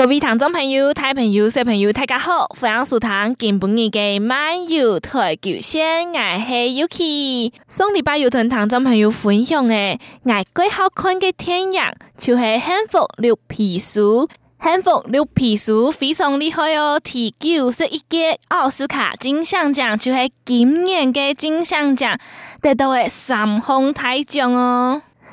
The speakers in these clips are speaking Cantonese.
各位聽眾朋友，大朋友、小朋友大家好，歡迎收聽《今步二記慢遊台九線》，我是 Uki，送你把油桐聽眾朋友分享嘅我最好看嘅電影，就係《幸福綠皮書。幸福綠皮書非常厲害哦，第九十一屆奧斯卡金像獎，就係今年嘅金像獎得到嘅三項大獎哦。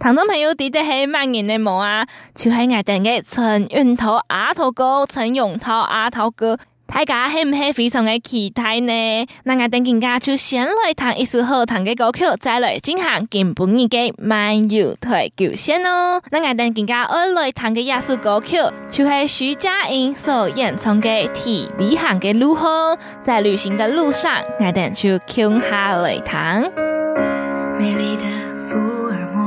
聽眾朋友，睇得起慢遊的我啊，就係我哋嘅陳永淘阿淘哥，陳永淘阿淘哥，大家係唔係非常嘅期待呢？那我等更加就先來彈一首好聽的歌曲，再來進行基本年的慢遊台九線哦，喔。那我等更加愛來彈嘅一首歌曲，就係徐佳瑩所演唱的《替你行的路》，在旅行的路上，我等就共下來彈。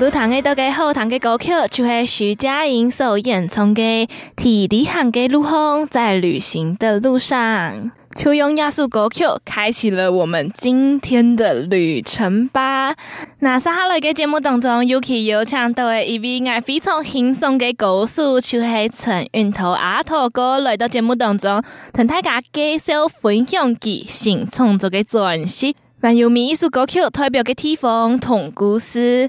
首堂嘅倒計後，堂嘅歌曲就係徐佳瑩所演唱給體力行嘅陸楓，在旅行的路上，秋用雅俗歌曲開啟了我們今天的旅程吧。那接下嚟嘅節目當中尤其有請到一位我非常欣賞嘅歌手，就係陳永淘阿淘哥來到節目當中，跟大家介紹分享即興創作嘅鑽石，還有民俗歌曲代表嘅地方同故事。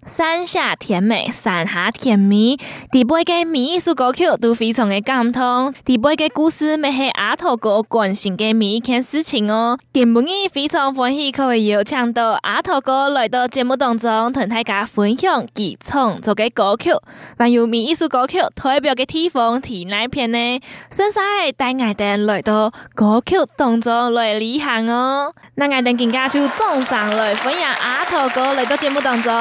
山下甜美，山下甜蜜。第八個每一首歌曲都非常嘅感動。第八個故事，咪係阿淘哥關心嘅每一件事情哦。節目義非常歡喜可以邀請到阿淘哥來到節目當中，同大家分享其創作嘅歌曲，還有每一首歌曲代表嘅地方、地內片呢。先晒帶 𠊎 等來到歌曲當中來旅行哦。那 𠊎 等更加就掌聲來歡迎阿淘哥來到節目當中。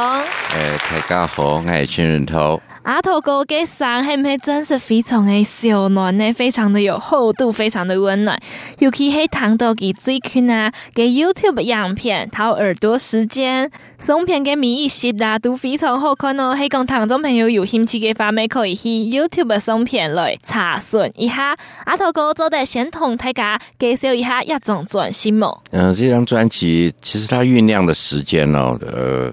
誒、欸，大家好，我是陳永淘。阿、啊、淘哥嘅衫，是不是真是非常的小暖呢？非常的有厚度，非常的溫暖。尤其係糖豆嘅嘴唇啊，嘅 YouTube 樣片，掏耳朵時間，送片嘅咪一翕啊，都非常好看哦。係講聽眾朋友有興趣嘅話，咪，可以去 YouTube 送片來查詢一下。阿、啊、淘哥做得先同大家介紹一下這張專輯冇？嗯，這張專輯其實它醞釀的時間咯，呃。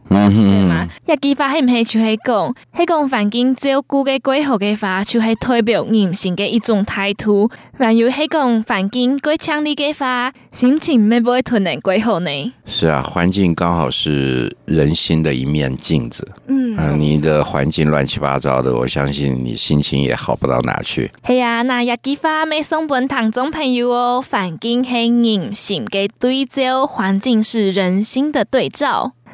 嗯， 對嘛？一記法係唔係就係講，喺講環境照顧嘅鬼好嘅話，就係代表人性嘅一種態度。凡如喺講環境鬼強你嘅話，心情咪不會突然鬼好呢。是啊，環境剛好是人心的一面鏡子。嗯，呃、你的環境亂七八糟的，我相信你心情也好不到哪去。係啊，那一記法未送本唐中朋友哦。環境係人性嘅對照，環境是人心的對照。